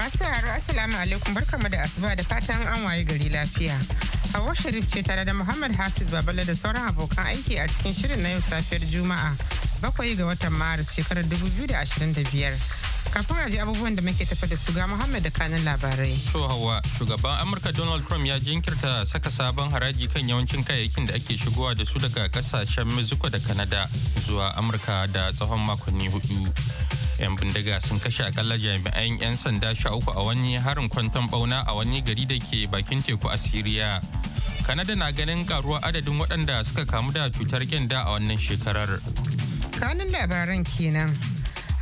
Masu sauraro Assalamu alaikum barkamu da asuba da fatan an waye gari lafiya. Hawa Sharif ce tare da Muhammad Hafiz Babala da sauran abokan aiki a cikin shirin na yau safiyar Juma'a bakwai ga watan Maris shekarar 2025. Kafin a ji abubuwan da muke tafa da su ga Muhammad da kanin labarai. To Hawa, shugaban Amurka Donald Trump ya jinkirta saka sabon haraji kan yawancin kayayyakin da ake shigowa da su daga kasashen Mexico da Canada zuwa Amurka da tsawon makonni hudu. 'yan bindiga sun kashe akalla jami'an 'yan sanda sha uku a wani harin kwanton bauna a wani gari da ke bakin teku a siriya kanada na ganin karuwa adadin waɗanda suka kamu da cutar kyanda a wannan shekarar kanun labaran kenan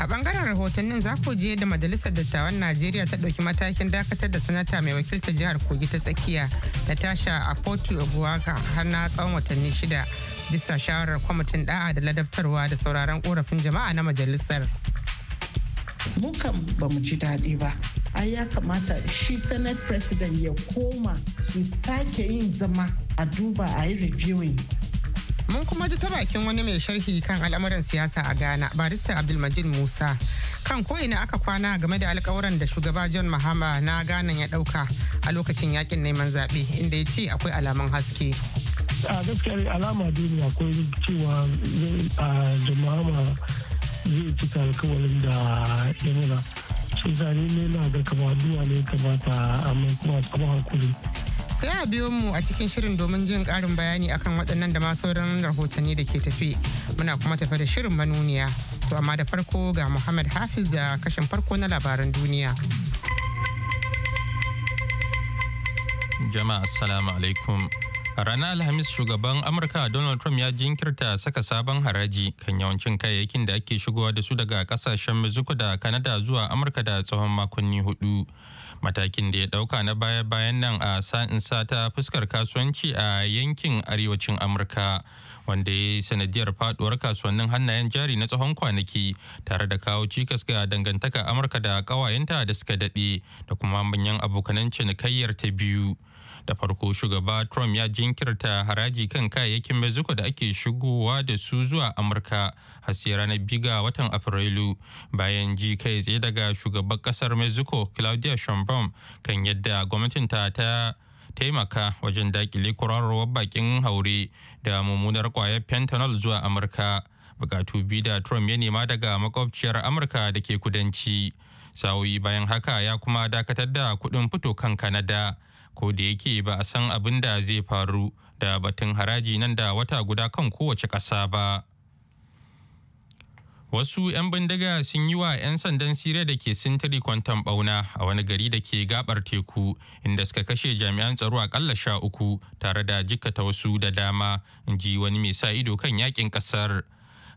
a bangaren rahotannin za ku je da majalisar dattawan najeriya ta ɗauki matakin dakatar da sanata mai wakiltar jihar kogi ta tsakiya natasha akpotu obuaga har na tsawon watanni shida bisa shawarar kwamitin da'a da ladabtarwa da sauraron korafin jama'a na majalisar kan ba mu ji daɗi ba ai ya kamata shi senate president ya koma su sake yin zama a duba a yi reviewing mun kuma ji ta bakin wani mai sharhi kan al'amuran siyasa a ghana barista abdulmajid musa kan ko'ina aka kwana game da alkawuran da shugaba john mahama na ghana ya dauka a lokacin yakin neman zaɓe inda ya ce akwai alamun haske a gaskiya alama duniya akwai cewa eh, john mahama zai cika alkawarin da ya nuna sun zane ne na ga kama duwa ne ta amma kuma kuma hakuri sai a biyo mu a cikin shirin domin jin karin bayani akan waɗannan da ma sauran rahotanni da ke tafi muna kuma tafi da shirin manuniya to amma da farko ga muhammad hafiz da kashin farko na labaran duniya jama'a assalamu alaikum A ranar Alhamis shugaban Amurka Donald Trump ya jinkirta saka sabon haraji kan yawancin kayayyakin da ake shigowa da su daga kasashen Mexico da Canada zuwa Amurka da tsawon makonni hudu. Matakin da ya dauka na baya-bayan nan a sa'insa ta fuskar kasuwanci a yankin arewacin Amurka wanda ya yi sanadiyar faduwar kasuwannin hannayen jari na tsawon kwanaki tare da kawo cikas ga dangantaka Amurka da kawayenta da suka daɗe da kuma manyan abokanan cinikayyar ta biyu. da farko shugaba trump ya jinkirta haraji kan kayayyakin mexico da ake shigowa da su zuwa amurka hasi sai ranar biga watan afrilu bayan ji kai tsaye daga shugaban kasar mexico claudia sheinbaum kan yadda gwamnatin ta taimaka wajen dakile kurarowar bakin haure da mummunar kwayar fentanyl zuwa amurka bukatu biyu da trump ya nema daga makwabciyar amurka da ke kudanci sa'o'i bayan haka ya kuma dakatar da kuɗin fito kan kanada ko da yake ba a san abin da zai faru da batun haraji nan da wata guda kan kowace ƙasa ba. Wasu 'yan bindiga sun yi wa 'yan sandan Siriya da ke sintiri kwantan bauna a wani gari da ke gabar teku inda suka kashe jami'an tsaro kalla sha uku tare da jikkata wasu da dama, in ji wani mai sa ido kan yakin ƙasar.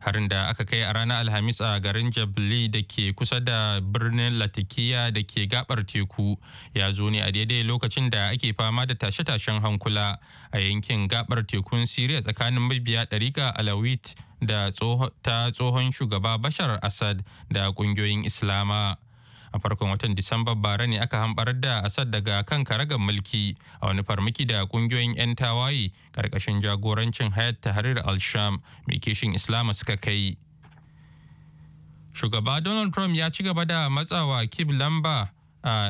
harin da aka kai a ranar alhamis a garin jabli da ke kusa da birnin latakiya da ke gabar teku ya zo ne a daidai lokacin da ake fama da tashe-tashen hankula a yankin gabar tekun siriya tsakanin mabiya ɗarika alawit da ta tsohon shugaba bashar asad da ƙungiyoyin islama a farkon watan disamba bara ne aka hambarar da asad daga kan karagar mulki a wani farmaki da kungiyoyin 'yan tawaye karkashin jagorancin hayat tahrir al-sham mai kishin islama suka kai shugaba donald trump ya ci gaba da matsawa kib lamba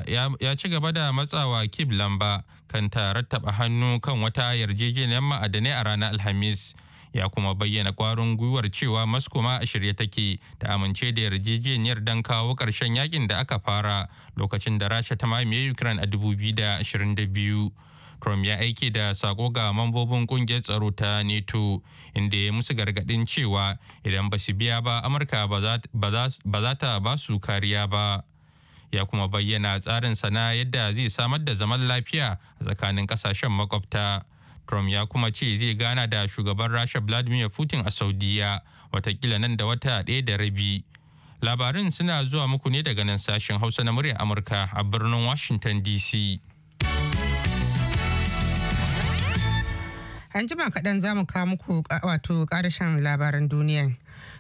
ya, ci gaba da matsawa kib lamba kan ta rattaba hannu kan wata yarjejeniyar ma'adanai a ranar alhamis ya kuma bayyana kwarin gwiwar cewa moscow ma a shirye take ta amince da yarjejeniyar don kawo ƙarshen yakin da aka fara lokacin da rasha ta mamaye ukraine a biyu Trump ya aiki da sako ga mambobin kungiyar tsaro ta NATO inda ya musu gargadin cewa idan ba su biya ba Amurka ba za ta ba su kariya ba. Ya kuma bayyana tsarin sana yadda zai samar da zaman lafiya a tsakanin kasashen makwabta Macron ya kuma ce zai gana da shugaban Rasha Vladimir Putin a Saudiya watakila nan da wata ɗaya da rabi. Labarin suna zuwa muku ne daga nan sashen Hausa na muryar Amurka a birnin Washington DC. An jima kaɗan za mu kawo muku wato ƙarashen labaran duniya.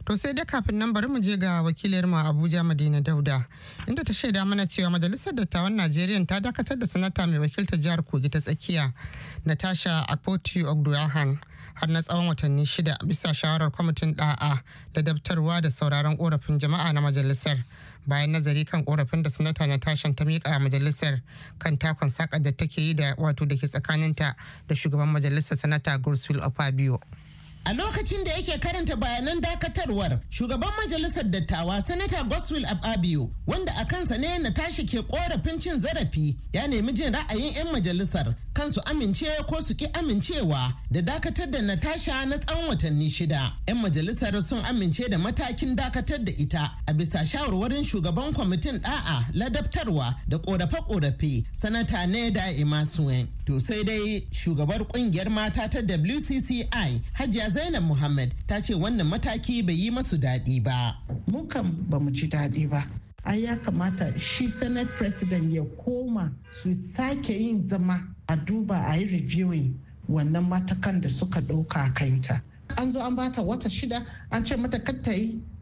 To sai dai kafin nan bari mu je ga wakilar mu Abuja Madina Dauda inda ta shaida mana cewa majalisar dattawan Najeriya ta dakatar da sanata mai wakilta jihar Kogi ta tsakiya Natasha Akpoti Ogdoyahan har na tsawon watanni shida bisa shawarar kwamitin da'a da daftarwa da sauraron korafin jama'a na majalisar. bayan nazari kan korafin da sanata na tashin ta miƙa majalisar kan takon sakar da take yi da wato da ke tsakaninta da shugaban majalisar sanata gurswil opabio A lokacin da yake karanta bayanan dakatarwar, shugaban majalisar dattawa Sanata Goswill Ababio, wanda a kansa ne na tashi ke korafin cin zarafi, ya nemi jin ra'ayin 'yan majalisar kan su amince ko su ki amincewa da dakatar da Natasha na tsawon watanni shida. 'Yan majalisar sun amince da matakin dakatar da ita a bisa shawarwarin shugaban kwamitin da'a ladabtarwa da korafe-korafe Sanata Neda Emasuwen. To sai dai shugabar kungiyar mata ta WCCI Hajiya Zainab Muhammad ta ce wannan mataki bai yi masu daɗi ba. Mukan ba mu ji daɗi ba. Ai ya kamata shi Senate President ya koma su sake yin zama a duba a yi reviewing wannan matakan da suka ɗauka kanta. An zo an bata wata shida an ce mata kar ta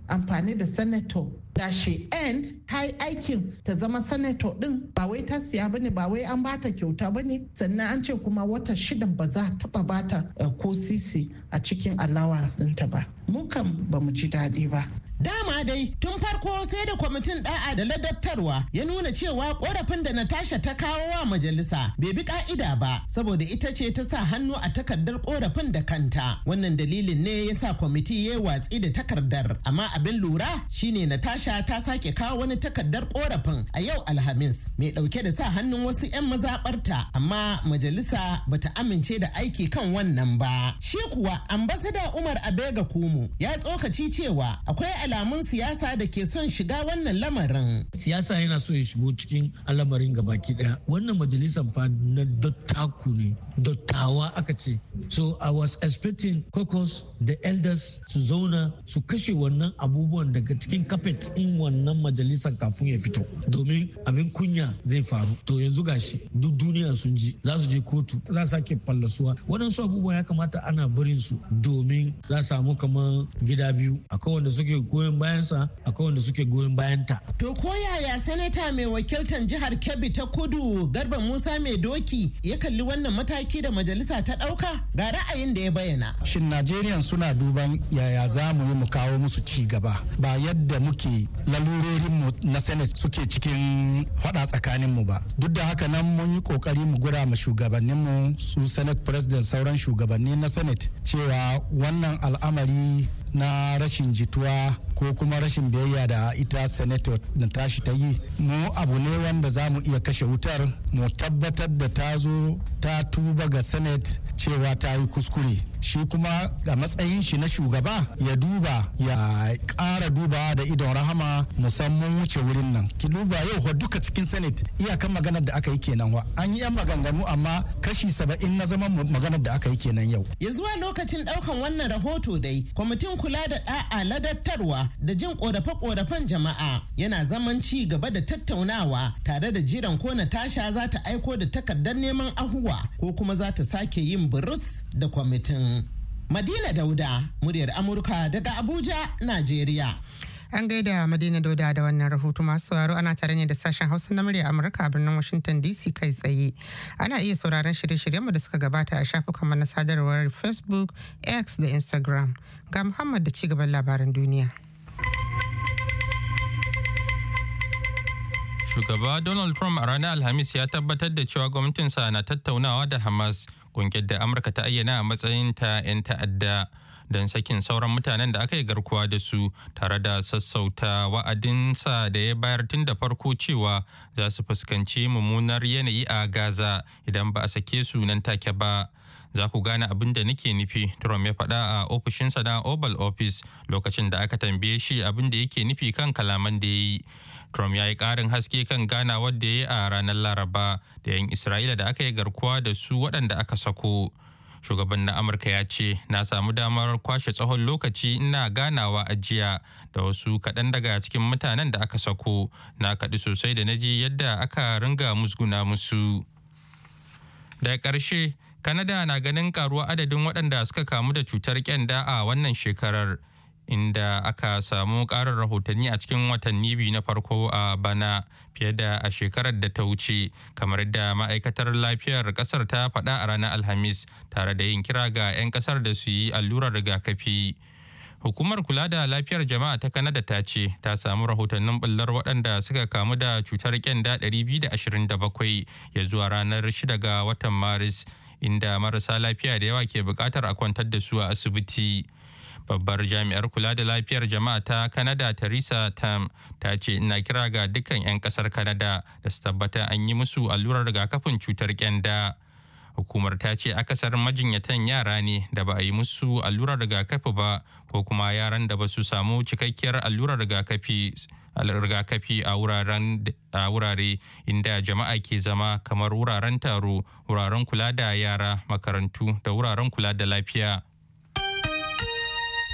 amfani da senator da she and ta yi aikin ta zama senator din ba wai ta siya ba ne ba wai an ba ta kyauta ba ne. sannan an ce kuma wata shidan ba za taba bata eh, ko sisi a cikin allowance ɗinta ba mu kan ba mu ji daɗi ba Dama dai tun farko sai da kwamitin da'a da ladabtarwa ya nuna cewa korafin da Natasha ta kawo wa majalisa bai bi ka'ida ba saboda ita ce ta sa hannu a takardar korafin da kanta. Wannan dalilin ne ya sa kwamiti ya watsi da takardar. Amma abin lura shine Natasha ta sake kawo wani takardar korafin a yau Alhamis mai dauke da sa hannun wasu 'yan mazabarta amma majalisa bata amince da aiki kan wannan ba. Shi kuwa ambasada Umar Abega Kumu ya tsokaci cewa akwai alamun siyasa da ke son shiga wannan lamarin. Siyasa yana so ya shigo cikin al'amarin gabaki daya. Wannan majalisar fa na dottaku ne, dottawa aka ce. So I was expecting caucus the elders su zauna su kashe wannan abubuwan daga cikin kafet in wannan majalisar kafin ya fito. Domin abin kunya zai faru. To yanzu gashi duk duniya sun ji za su je kotu za su sake fallasuwa. Waɗansu abubuwa ya kamata ana barin su domin za samu kamar gida biyu. Akwai wanda suke ko. goyon bayansa akwai wanda suke goyon bayanta. To ko yaya sanata mai wakiltar jihar Kebbi ta kudu Garba Musa mai doki ya kalli wannan mataki da majalisa ta ɗauka ga ra'ayin da ya bayyana. Shin Najeriya suna duban yaya za mu yi mu kawo musu ci gaba ba yadda muke lalurorin mu na Senate suke cikin faɗa tsakanin mu ba. Duk da haka nan mun yi kokari mu gura ma shugabannin mu su Senate President sauran shugabanni na Senate cewa wannan al'amari na rashin jituwa ko kuma rashin biyayya da ita senator na tashi ta yi mu abu ne wanda za mu iya kashe wutar mu tabbatar da ta zo ta tuba ga senate cewa ta yi kuskure shi kuma a matsayin shi na shugaba ya duba ya ƙara duba da idon rahama musamman wuce wurin nan ki duba yau wa duka cikin senate iyakan maganar da aka yi kenan wa an yi yan maganganu amma kashi saba'in na zaman maganar da aka yi kenan yau ya zuwa lokacin ɗaukan wannan rahoto dai kwamitin kula da ɗa'a ladattarwa da jin korafe-korafen jama'a yana zaman ci gaba da tattaunawa tare da jiran ko natasha za ta aiko da takardar neman ahuwa ko kuma za ta sake yin burus da kwamitin Madina Dauda, muryar Amurka daga Abuja, Najeriya. An gaida Madina Dauda da wannan rahoto masu sauraro ana tare ne da sashen Hausa na murya Amurka a birnin Washington DC kai tsaye. Ana iya sauraron shirye-shiryen da suka gabata a shafukan na sadarwar Facebook, X da Instagram. Ga Muhammad da cigaban labaran duniya. Shugaba Donald Trump a ranar Alhamis ya tabbatar da cewa gwamnatinsa na tattaunawa da Hamas ƙungiyar da amurka ta ayyana a matsayin ta 'yan ta'adda don sakin sauran mutanen da aka yi garkuwa da su tare da sassauta wa'adinsa da ya bayar tun da farko cewa za su fuskanci mummunar yanayi a gaza idan ba a sake su nan take ba za ku gane abin da nake nufi trump ya faɗa a ofishinsa na oval office lokacin da aka tambaye shi abin da yake nufi kan kalaman da ya yi Trump ya yi ƙarin haske kan Ghana da ya yi a ranar Laraba da 'yan Isra'ila da aka yi garkuwa da su waɗanda aka sako. Shugaban na Amurka ya ce, Na samu damar kwashe tsawon lokaci ina ganawa a jiya da wasu kaɗan daga cikin mutanen da aka sako, na kaɗi sosai da naji yadda aka ringa musguna musu. Da ƙarshe, Kanada na ganin karuwa adadin waɗanda suka kamu da cutar kyanda a wannan shekarar. inda aka samu ƙarin rahotanni a cikin watanni biyu na farko a bana fiye da a shekarar da ta wuce kamar da ma'aikatar lafiyar ƙasar ta faɗa a ranar alhamis tare da yin kira ga 'yan ƙasar da su yi allurar rigakafi hukumar kula da lafiyar jama'a ta kanada ta ce ta samu rahotannin bullar waɗanda suka kamu da cutar kyanda 227 ya zuwa ranar 6 ga watan maris inda marasa lafiya da yawa ke buƙatar a kwantar da su a asibiti. babbar jami'ar kula da lafiyar jama'a ta kanada theresa tam ta ce ina kira ga dukkan 'yan kasar kanada da su tabbata an yi musu allurar rigakafin cutar kyanda hukumar ta ce akasar majinyatan yara ne da ba a yi musu allurar rigakafi ba ko kuma yaran da ba su samu cikakkiyar allurar rigakafi rigakafi a wurare inda jama'a ke zama kamar wuraren taro wuraren kula da yara makarantu da wuraren kula da lafiya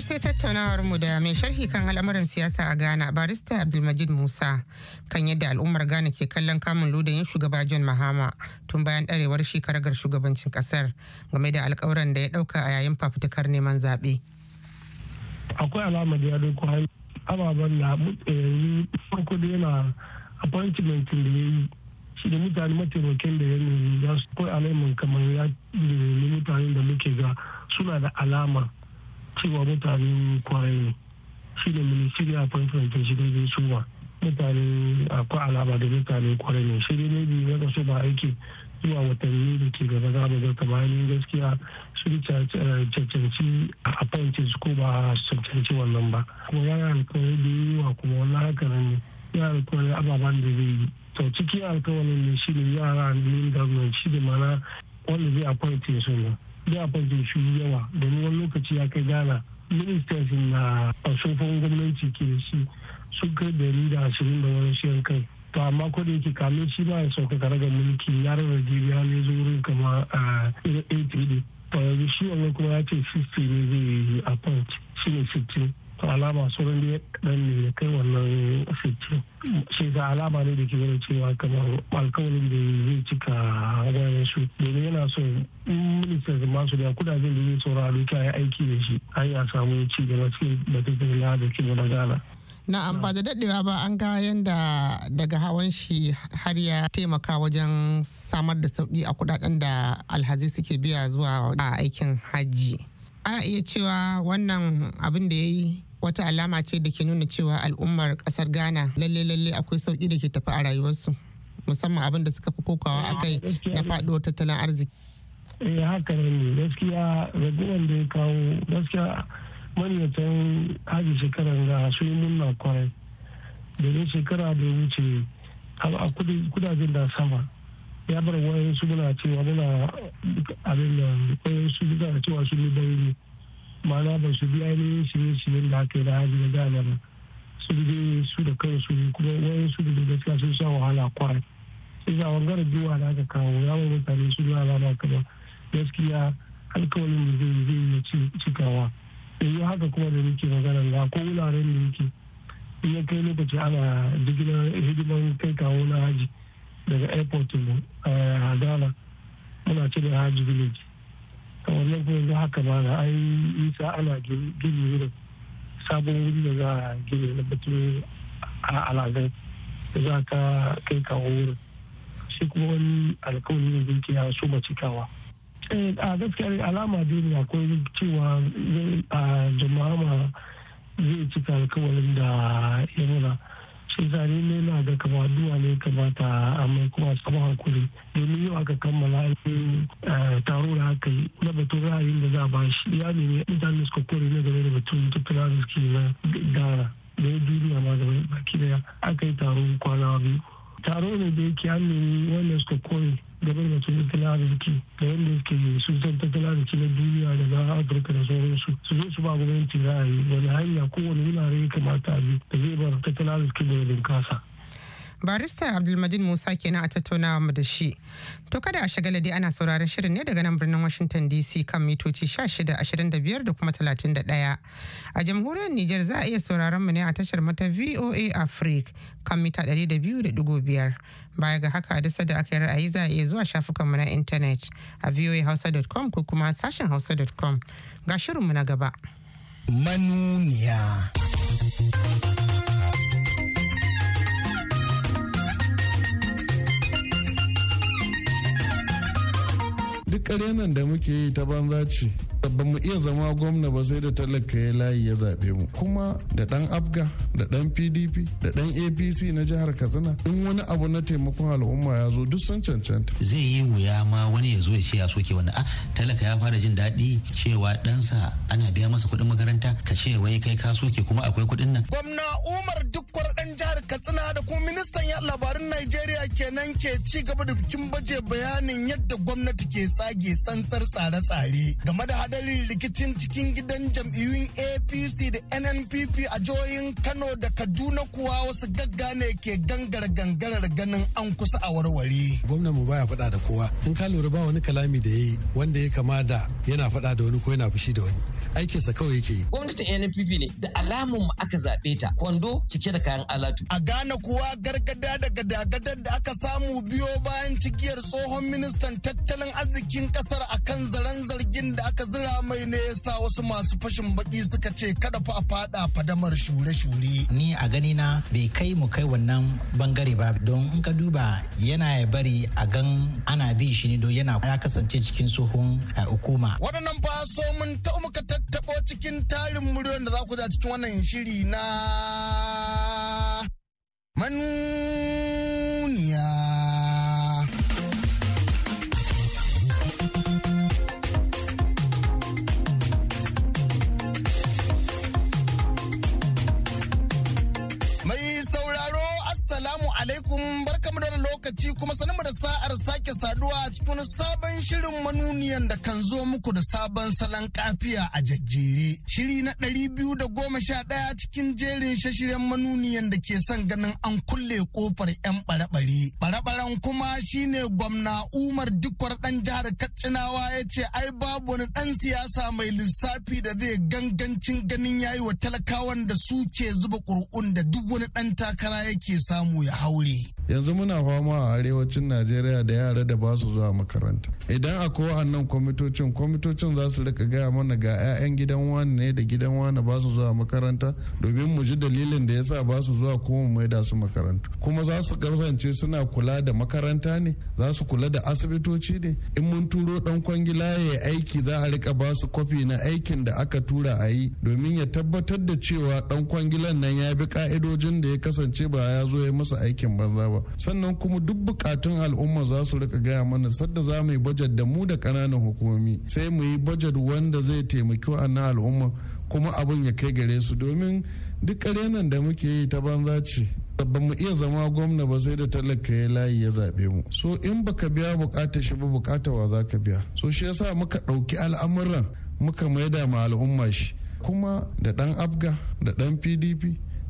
sai tattaunawar mu da mai sharhi kan al'amuran siyasa a Ghana barista Abdulmajid Musa kan yadda al'ummar Ghana ke kallon kamun ludayin shugaba John Mahama tun bayan ɗarewar shekarar shugabancin kasar game da alkawuran da ya ɗauka a yayin fafutukar neman zaɓe. Akwai alama da ya ɗauko ababen da farko da yana appointment da ya yi shi da mutane mataimakin da ya yanayi ya su kawai alaiman kamar ya mutane da muke ga suna da alama cewa mutanen kwarai ne shi ne ministerial da shi ne su ba mutane akwai alama da mutane kwarai ne shi ne bi ne kaso ba aiki zuwa watanni da ke gaba za mu ba kamanin gaskiya sun eh, cancanci su ko ba su cancanci wannan ba kuma yi alkawari da yiwuwa kuma wani haka ne ya alkawari ababen da zai yi to cikin alkawarin ne shi ne yara ne da gwamnati da mana wanda zai appointees su ne da da shi yawa domin wani lokaci ya kai gana ministers na sofon gwamnati ke da shi sun kai dari da ashirin da wani shi kai to amma ko da yake kame shi ba ya sauka ga mulki ya rarra jibiya ne zo kama eh, a atd to yanzu shi wani kuma ya ce 60 ne zai yi a shi ne 60 alama sauran da ya ne ya kai wannan fice shi da alama ne da ke gani cewa kamar alkawarin da zai cika wayan su domin yana so ministan zama su da kudaden da zai saura duka ya aiki da shi har ya samu ci gaba cikin batutun na da ke na gana. na'am ba da daɗewa ba an ga yadda daga hawan shi har ya taimaka wajen samar da sauƙi a kudaden da alhazi suke biya zuwa a aikin hajji ana iya cewa wannan abin da ya yi wata alama ce da ke nuna cewa al'ummar kasar ghana lalle lalle akwai sauki da ke tafi a rayuwarsu musamman abin da suka fi kokawa a kai na faduwar tattalin arziki eh haka ne gaskiya raguwan da ya kawo gaskiya manyatan haji shekarar ga sun yi murna kwarai domin shekara da ya wuce a kudajen da sama ya bar wayan su muna cewa muna abin da wayan su muna cewa sun yi bayani ma'ana ba su bi ainihin shirye-shiryen da aka yi da hajji da dama sun je su da kansu ne kuma wayan su da gaskiya sun sha wahala kwarai sai za wangaren biyuwa da aka kawo ya wa mutane su da alama kama gaskiya alkawalin da zai zai iya cikawa yanzu haka kuma da nake magana ga ko wuraren da nake in ya kai lokaci ana jigilar kai kawo na haji daga airport mu a muna cire haji village kamar yanzu haka ma na ai isa ana gini wurin sabon wuri da za a gini na bakin alazai da za ka kai kawo wurin shi kuma wani alkawari ne zai ya su ba cikawa eh, a gaskiya alama dai ne akwai cewa a jama'a ma zai cika alkawarin da ya nuna shi zane ne na ga kama duwa ne kamata amma kuma samu hankuri domin yau aka kammala ainihin eh, taro da aka yi na batun ra'ayin da za a ba shi ya ne mutane suka kori na game da batun tattalin da na gara da ya duniya ma gaba baki daya aka yi taro kwana biyu taro ne da yake an nemi wanda suka kore game da batun tattalin arziki da wanda suke sun san tattalin arziki na duniya da na afirka da sauransu su zo su ba gwamnati ra'ayi wani hanya kowane wurare ya kamata a bi da zai bar ta. za su da linkasa. barista abdulmadin musa kenan a tattaunawa mu da shi to kada a shagala dai ana sauraron shirin ne daga nan birnin washington dc kan mitoci 1625 da kuma 31 a jamhuriyar niger za a iya sauraron mu ne a tashar mata voa africa kan mita 200.5 baya ga haka dasa da aka yi ra'ayi za a iya zuwa shafukan mu na intanet a voahausa.com ko kuma sashen hausa.com ga shirin mu na gaba manuniya duk nan da muke yi ta banza ce ba mu iya zama gwamna ba sai da talaka ya layi ya zaɓe mu kuma da ɗan afga da ɗan pdp da ɗan apc na jihar katsina in wani abu na taimakon al'umma ya zo duk sun cancanta zai yi wuya ma wani ya zo ya ce ya soke wani a ah, talaka ya fara jin daɗi cewa ɗansa ana biya masa kuɗin makaranta ka ce wai kai ka soke kuma akwai kuɗin nan gwamna umar duk jihar katsina da kuma ministan ya labarin nigeria kenan ke ci gaba da bikin baje bayanin yadda gwamnati ke tsage sansar tsare-tsare game da hadarin rikicin cikin gidan jam'iyyun apc da nnpp a jihohin kano da kaduna kuwa wasu gagga ne ke gangar gangarar ganin an kusa a warware gwamnan mu baya faɗa da kowa in ka lura ba wani kalami da yayi wanda ya kama da yana faɗa da wani ko yana fushi da wani aikinsa kawai yake yi gwamnatin nnpp ne da alamun mu aka zaɓe ta kwando cike da kayan ala Talatu. A Ghana kuwa gargada daga dagadar da aka samu biyo bayan cikiyar tsohon ministan tattalin arzikin kasar a kan zaren zargin da aka zira mai ne yasa wasu masu fashin baki suka ce kada fa a fada fadamar shure-shure. Ni a gani na bai kai mu kai wannan bangare ba don in ka duba yana ya bari a gan ana bi shi ne don yana ya kasance cikin tsohon eh, hukuma. Waɗannan fa so mun ta muka tattaɓo cikin tarin muryar da za ku da cikin wannan shiri na manuniya. Mai sauraro, Assalamu alaikum, barkamu da lokacin. lokaci kuma sanin da sa'ar sake saduwa a cikin sabon shirin manuniyan da kan zo muku da sabon salon kafiya a jajjere. Shiri na ɗari biyu da goma sha ɗaya cikin jerin shashiren manuniyan da ke son ganin an kulle kofar 'yan ɓare-ɓare. Ɓare-ɓaren kuma shine gwamna Umar Dikwar ɗan jihar Katsinawa ya ce ai babu wani ɗan siyasa mai lissafi da zai gangancin ganin yayi wa talakawan da su ke zuba ƙuri'un da duk wani ɗan takara yake samu ya haure. Yanzu muna fama kuma a arewacin najeriya da yara da ba su zuwa makaranta idan akwai nan kwamitocin kwamitocin za su rika gaya mana ga 'ya'yan gidan wani ne da gidan wani ba su zuwa makaranta domin mu ji dalilin da ya sa ba su zuwa kuma mu maida su makaranta kuma za su kasance suna kula da makaranta ne za su kula da asibitoci ne in mun turo dan kwangila ya aiki za a rika ba su kwafi na aikin da aka tura a yi domin ya tabbatar da cewa dan kwangilan nan ya bi ka'idojin da ya kasance ba ya zo ya masa aikin banza ba sannan kuma duk bukatun al'umma za su rika gaya mana sadda za mu yi bajet da mu da kananan hukumomi sai mu yi bajet wanda zai taimaki wa'annan al'umma kuma abin ya kai gare su domin duk karenan da muke yi ta banza ce ba mu iya zama gwamna ba sai da talaka ya layi ya zaɓe mu so in baka biya bukata shi ba bukata wa za ka biya so shi yasa muka ɗauki al'amuran muka maida ma al'umma shi kuma da ɗan abga da ɗan pdp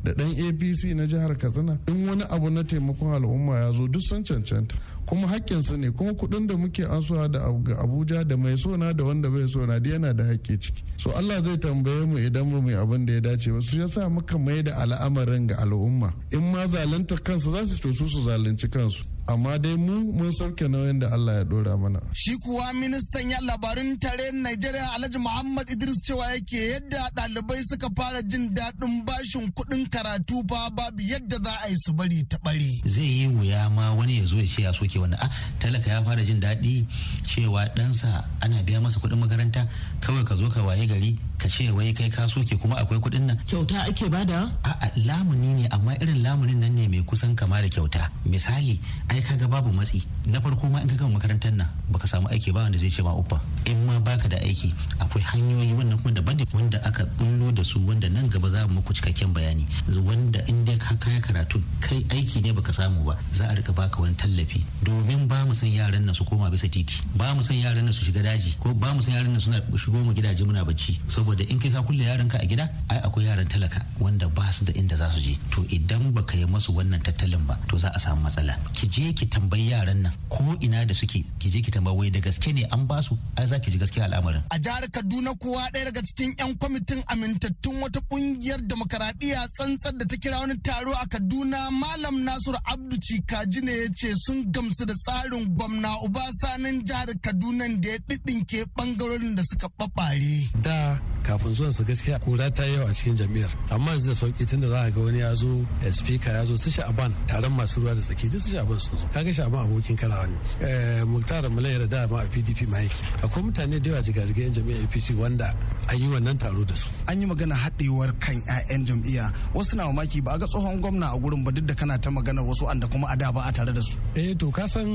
da dan apc na jihar katsina in wani abu na taimakon al'umma ya zo duk sun cancanta kuma hakkin su ne kuma kuɗin da muke ansuwa da abuja da mai sona da wanda bai sona da yana da hakki ciki so allah zai tambaye mu idan mu mai abin da ya dace ba su yasa muka mai da al'amarin ga al'umma in ma zalunta kansu za su to su zalunci kansu amma dai mu mun sauke nauyin da Allah ya dora mana. Shi kuwa ministan ya labarin tare Najeriya Alhaji Muhammad Idris cewa yake yadda ɗalibai suka fara jin daɗin bashin kuɗin karatu fa babu yadda za a yi su bari ta bari. Zai yi wuya ma wani ya zo ya ce ya soke wani a ah, talaka ya fara jin daɗi cewa ɗansa ana biya masa kuɗin makaranta kawai ka zo ka waye gari ka ce wai kai ka soke kuma akwai kuɗin nan. Kyauta ake bada? A'a lamuni ne amma irin lamunin nan ne mai kusan kama da kyauta. Misali ai kaga babu matsi na farko ma in ka gama makarantar nan baka samu aiki ba wanda zai ce ma uba in ma baka da aiki akwai hanyoyi wannan kuma daban wanda aka kallo da su wanda nan gaba za mu muku cikakken bayani wanda in dai ka kaya karatu kai aiki ne baka samu ba za a rika baka wani tallafi domin ba mu san yaran nan su koma bisa titi ba mu san yaran nan su shiga daji ko ba mu san yaran nan suna shigo mu gidaje muna bacci saboda in kai ka kulle yaran ka a gida ai akwai yaran talaka wanda ba su da inda za su je to idan baka yi musu wannan tattalin ba to za a samu matsala ki je ki tambayi yaran nan ko ina da suke ki je ki tambayi wai da gaske ne an ba su ai za ki ji gaskiya al'amarin a jihar Kaduna kowa ɗaya daga cikin 'yan kwamitin amin amintattun wata kungiyar demokaradiyya tsantsar da ta kira wani taro a Kaduna Malam Nasiru Abdu Cikaji ne ya ce sun gamsu da tsarin gwamna sanin jihar Kaduna da ya ɗiɗinke bangarorin da suka ɓaɓare. Da kafin zuwan su gaskiya kura ta yawa a cikin jami'ar amma yanzu da sauki da za a ga wani ya zo eh, speaker ya zo su sha'aban taron masu ruwa da tsaki duk su sha'aban sun zo kaga sha'aban abokin karawa ne eh, muktar mulayar da ma a pdp ma yake akwai mutane da yawa jigajiga yan jami'ar apc wanda an yi wannan taro da su an yi magana haɗewar kan 'ya'yan jam'iyya wasu na mamaki ba a ga tsohon gwamna a gurin ba duk da kana ta magana wasu anda kuma a da ba a tare da su eh to ka san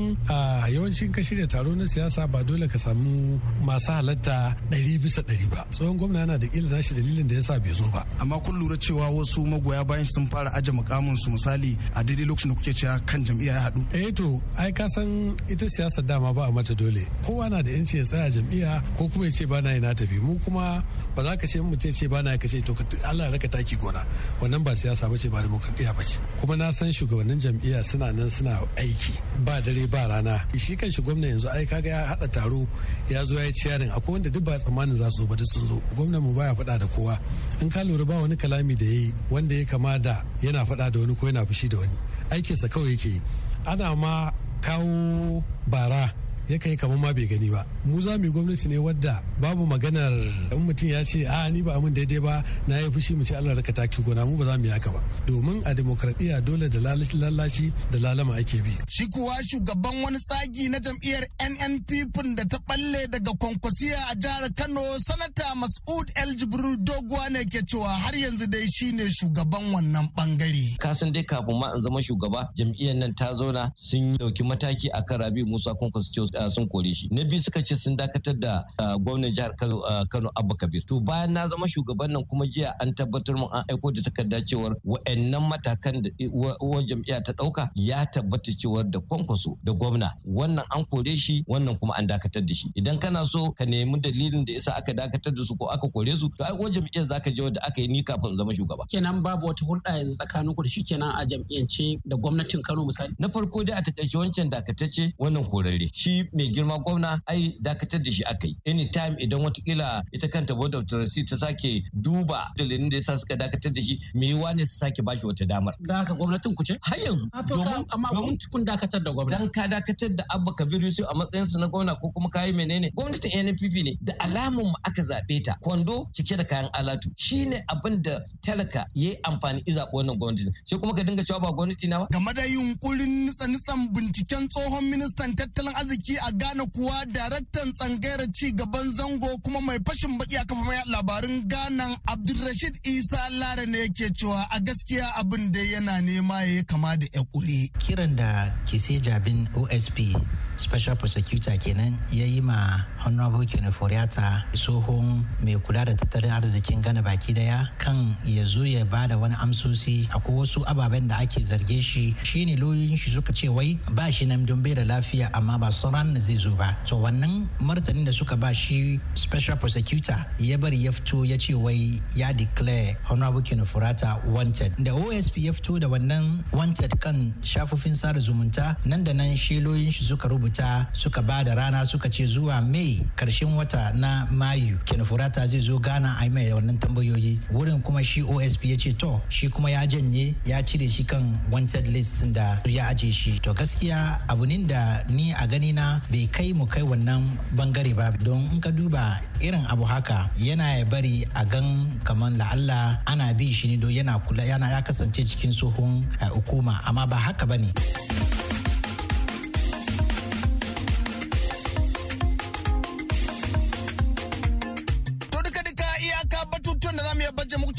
yawancin kashi da taro na siyasa ba dole ka samu masu halatta ɗari bisa ɗari ba tsohon gwamna yana da ƙila shi dalilin da yasa bai zo ba amma kun lura cewa wasu magoya bayan sun fara aje mukamin su misali a daidai lokacin da kuke cewa kan jam'iyya ya haɗu eh to ai ka san ita siyasa dama ba a mata dole kowa na da yanci ya tsaya jam'iyya ko kuma ya ce ba na yi na tafi mu kuma ba za ka ce mu ce ba na ce to Allah raka taki gona wannan ba siyasa bace ba demokradiya bace kuma na san shugabannin jam'iyya suna nan suna aiki ba dare ba rana shi kan shi gwamna yanzu ai kaga ya hada taro ya zo ya ci yarin akwai wanda duk ba tsammanin za su zo ba duk sun zo gwamnan mu baya faɗa da kowa in ka lura ba wani kalami da yayi wanda ya kama da yana faɗa da wani ko yana fushi da wani aikinsa kawai yake ana ma kawo bara yakan yi kamar ma bai gani ba mu za mu gwamnati ne wadda babu maganar in mutum ya ce a ni ba amin daidai ba na yi fushi mu ce Allah raka taki gona mu ba za mu yi haka ba domin a demokradiyya dole da lalashi da lalama ake bi shi kuwa shugaban wani tsagi na jam'iyyar NNPP da ta balle daga kwankwasiya a jihar Kano sanata Mas'ud El Jibril Doguwa ne ke cewa har yanzu dai shine shugaban wannan bangare ka san dai kafin ma in zama shugaba jam'iyyar nan ta zauna sun dauki mataki akan Rabi Musa Kwankwaso sun kore shi na biyu suka ce sun dakatar da gwamnan jihar Kano Abba Kabir to bayan na zama shugaban nan kuma jiya an tabbatar mun an aiko da takarda cewar wa'annan matakan da uwar jam'iyya ta dauka ya tabbata cewar da kwankwaso da gwamna wannan an kore shi wannan kuma an dakatar da shi idan kana so ka nemi dalilin da yasa aka dakatar da su ko aka kore su to ai uwar jam'iyyar zaka je wanda aka yi ni kafin zama shugaba kenan babu wata hulɗa yanzu tsakanin ku da shi kenan a jam'iyyance da gwamnatin Kano misali na farko dai a takaice wancan dakatacce wannan korarre shi mai girma gwamna ai dakatar da shi aka yi anytime idan watakila ita kanta board of trustees ta sake duba dalilin da yasa suka dakatar da shi me yiwa ne su sake bashi wata damar da haka gwamnatin ku ce har yanzu domin amma kun dakatar da gwamna dan ka dakatar da abba kabiru yusuf a matsayin sa na gwamna ko kuma kai menene gwamnatin NPP ne da alamun mu aka zabe ta kwando cike da kayan alatu shine abin da talaka yayi amfani iza wannan gwamnati sai kuma ka dinga cewa ba gwamnati na ba game da yunkurin nitsa-nitsan binciken tsohon ministan tattalin arziki a Ghana kuwa daraktan tsangayar ci gaban zango kuma mai fashin baki a kafa labarin Ghana Abdulrashid Isa Lara ne yake cewa a gaskiya abin da yana nema ya kama da ya Kiran da sai Jabin OSP special prosecutor kenan ya yi ma honorable kiniforiata tsohon mai kula da tattalin arzikin gana baki daya kan ya zo ya ba da wani amsosi akwai wasu ababen da ake zarge shi shine loyoyin shi suka ce wai ba shi nan don bai da lafiya amma ba sauran zai zo ba to wannan martanin da suka ba shi special prosecutor ya bari ya fito ya ce wai ya declare honorable kiniforiata wanted da osp ya fito da wannan wanted kan shafofin sada zumunta nan da nan shi loyoyin shi suka rubuta wuta suka ba da rana suka ce zuwa mai karshen wata na mayu kenfurata zai zo gana a mai wannan tambayoyi wurin kuma shi osp ya ce to shi kuma ya janye ya cire shi kan wanted list da ya aje shi to gaskiya abu ne da ni a gani na bai kai mu kai wannan bangare ba don in ka duba irin abu haka yana ya bari a gan kamar la'alla ana bi shi ne don yana kula yana ya kasance cikin tsohon eh, hukuma amma ba haka ba ne.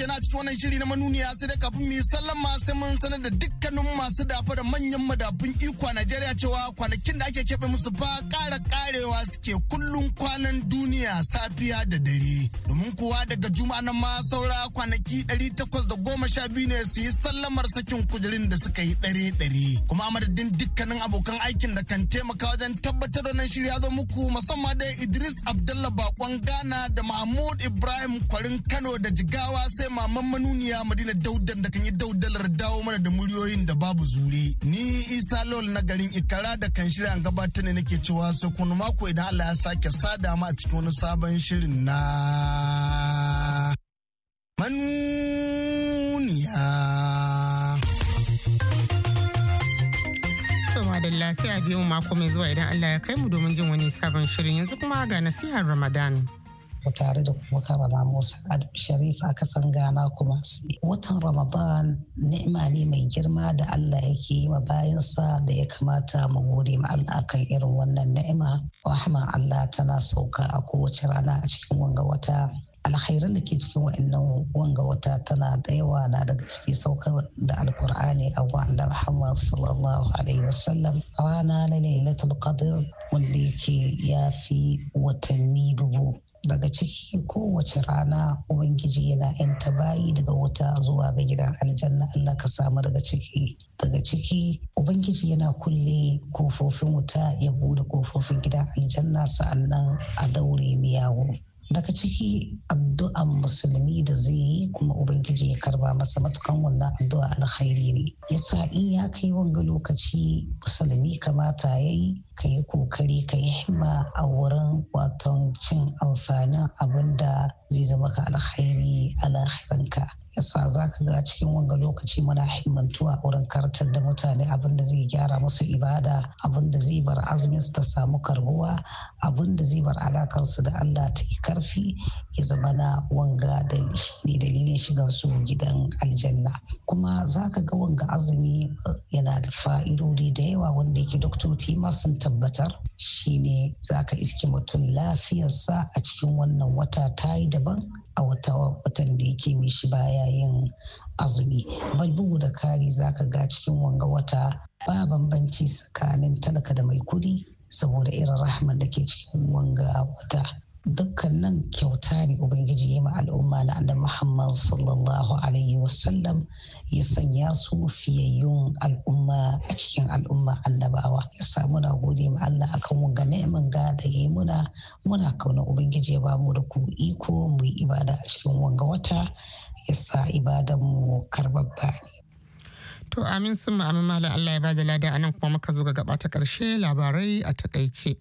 kenan cikin wannan shiri na manuniya sai da kafin mu yi sallama sai mun sanar da dukkanin masu dafa da manyan madafun iko a Najeriya cewa kwanakin da ake keɓe musu ba ƙara ƙarewa suke kullum kwanan duniya safiya da dare. Domin kuwa daga juma'a na ma saura kwanaki ɗari takwas da goma sha biyu ne su yi sallamar sakin kujerin da suka yi ɗare ɗare. Kuma madadin dukkanin abokan aikin da kan taimaka wajen tabbatar da nan shiri ya zo muku musamman da Idris Abdullah Bakon Ghana da Mahmud Ibrahim Kwarin Kano da Jigawa sai maman manuniya madina daudan da kan yi daudalar dawo mana da muryoyin da babu zure ni isa lol na garin ikara da kan shirya gabatar ne nake cewa sai kuma mako idan allah ya sake sada ma a cikin wani sabon shirin na manuniya madalla sai a biyu mako mai zuwa idan allah ya kai mu domin jin wani sabon shirin yanzu kuma ga nasihar ramadan tare da kuma karama musa adam sharif a kasan ghana kuma watan ramadan ni'ima ne mai girma da allah yake yi ma bayansa da ya kamata mu gode ma allah irin wannan ni'ima rahman allah tana sauka a kowace rana a cikin wanga wata alkhairan da ke cikin wa'annan wanga wata tana da yawa na daga ciki saukar da alkur'ani a wa'anda muhammad sallallahu alaihi wasallam rana na lailatul qadr wanda yake ya fi watanni dubu daga ciki kowace rana ubangiji yana yan bayi daga wuta zuwa ga gidan aljanna Allah ka samu daga ciki daga ciki ubangiji yana kulle kofofin wuta ya bude kofofin gidan aljanna sa'annan a daure miyawu daga ciki addu'an musulmi da zai yi kuma ubangiji ya karba masa matukan wannan addu'a alkhairi ne yasa in ya kai wanga lokaci musulmi kamata ya yi ka yi kokari ka yi himma a wurin waton cin amfanin abin da zai zama ka alkhairi alkhairanka yasa za ka ga cikin wanga lokaci muna himmantuwa wurin karatar da mutane abin da zai gyara musu ibada abin da zai bar azumin su ta samu karbuwa abin da zai bar alakar su da Allah ta yi karfi ya zama na wanga da ne dalilin shigan su gidan aljanna kuma za ka ga wanga azumi eh, yana da fa'idodi da yawa wanda yake doktoci masu tabbatar ne za ka iske mutum lafiyarsa a cikin wannan wata ta yi daban a wata watan da yake mishi baya yin azumi bai bugu da kari za ka ga cikin wanga wata ba bambanci tsakanin talaka da mai kudi saboda irin rahmar da ke cikin wanga wata dukkanin kyauta ne ubangiji ya ma al'umma na annabi muhammad sallallahu alaihi wasallam ya sanya su fiyayyun al'umma a cikin al'umma annabawa ya sa muna gode ma allah akan wanga neman ga da ya muna muna kauna ubangiji ya ba mu da ku iko mu yi ibada a cikin wanga wata ya sa ibadan mu karbabba to amin sun ma'amin malam allah ya ba da lada anan kuma muka zo ga gaba ta karshe labarai a takaice.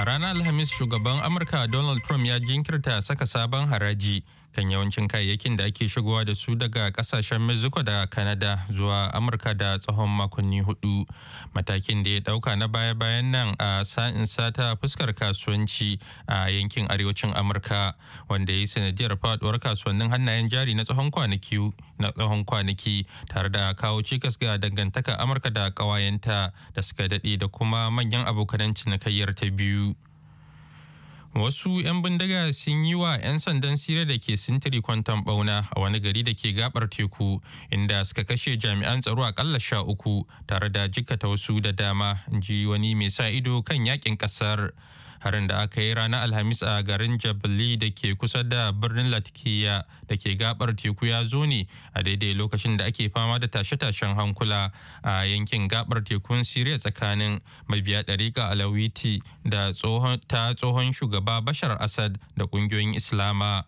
A ranar Alhamis shugaban Amurka Donald Trump ya jinkirta saka sabon haraji kan yawancin kayayyakin da ake shigowa da su daga kasashen mexico da canada zuwa amurka da tsawon makonni hudu matakin da ya dauka na baya-bayan nan a sa'insa sata fuskar kasuwanci a yankin arewacin amurka wanda ya yi sanadiyar faduwar kasuwannin hannayen jari na tsawon kwanaki na tsawon kwanaki tare da kawo cikas ga dangantaka amurka da kawayenta da suka dade da kuma manyan abokanan cinikayyar ta biyu wasu 'yan bindiga sun yi wa 'yan sandan sira da ke sintiri kwanton bauna a wani gari da ke gabar teku inda suka kashe jami'an tsaro akalla sha uku tare da jikata wasu da dama ji wani mai sa ido kan yakin kasar harin da aka yi ranar alhamis a garin jabali da ke kusa da birnin latikiya da ke gabar teku ya zo ne a daidai lokacin da ake fama da tashe-tashen hankula a yankin gabar tekun siriya tsakanin mabiya dariƙa alawiti da ta tsohon shugaba bashar asad da ƙungiyoyin islama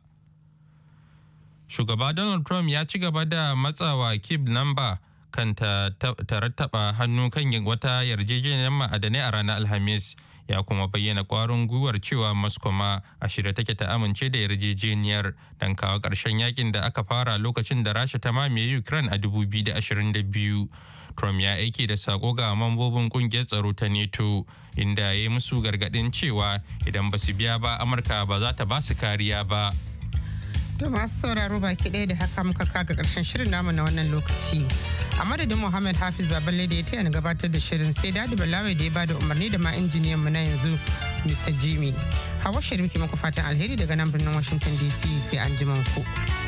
shugaba donald trump ya ci gaba da matsawa kib lamba kan ta rattaba hannu kan wata yarjejeniyar ma'adanai a ranar alhamis ya kuma bayyana kwarin gwiwar cewa moscow ma a shirye take ta amince da yarjejeniyar don kawo ƙarshen yakin da aka fara lokacin da rasha ta mamaye ukraine a 2022 trump ya aike da sako ga mambobin kungiyar tsaro ta neto inda ya yi musu gargaɗin cewa idan ba su biya ba amurka ba za ta ba su kariya ba to masu sauraro baki ɗaya da haka muka kaga karshen shirin namu na wannan lokaci a madadin muhammad hafiz Babalai da ya taya na gabatar da shirin sai dadi balawai da ya bada umarni da ma injiniyan mu na yanzu mr jimmy hawa sharif ke muku fatan alheri daga nan birnin washington dc sai an ji ku.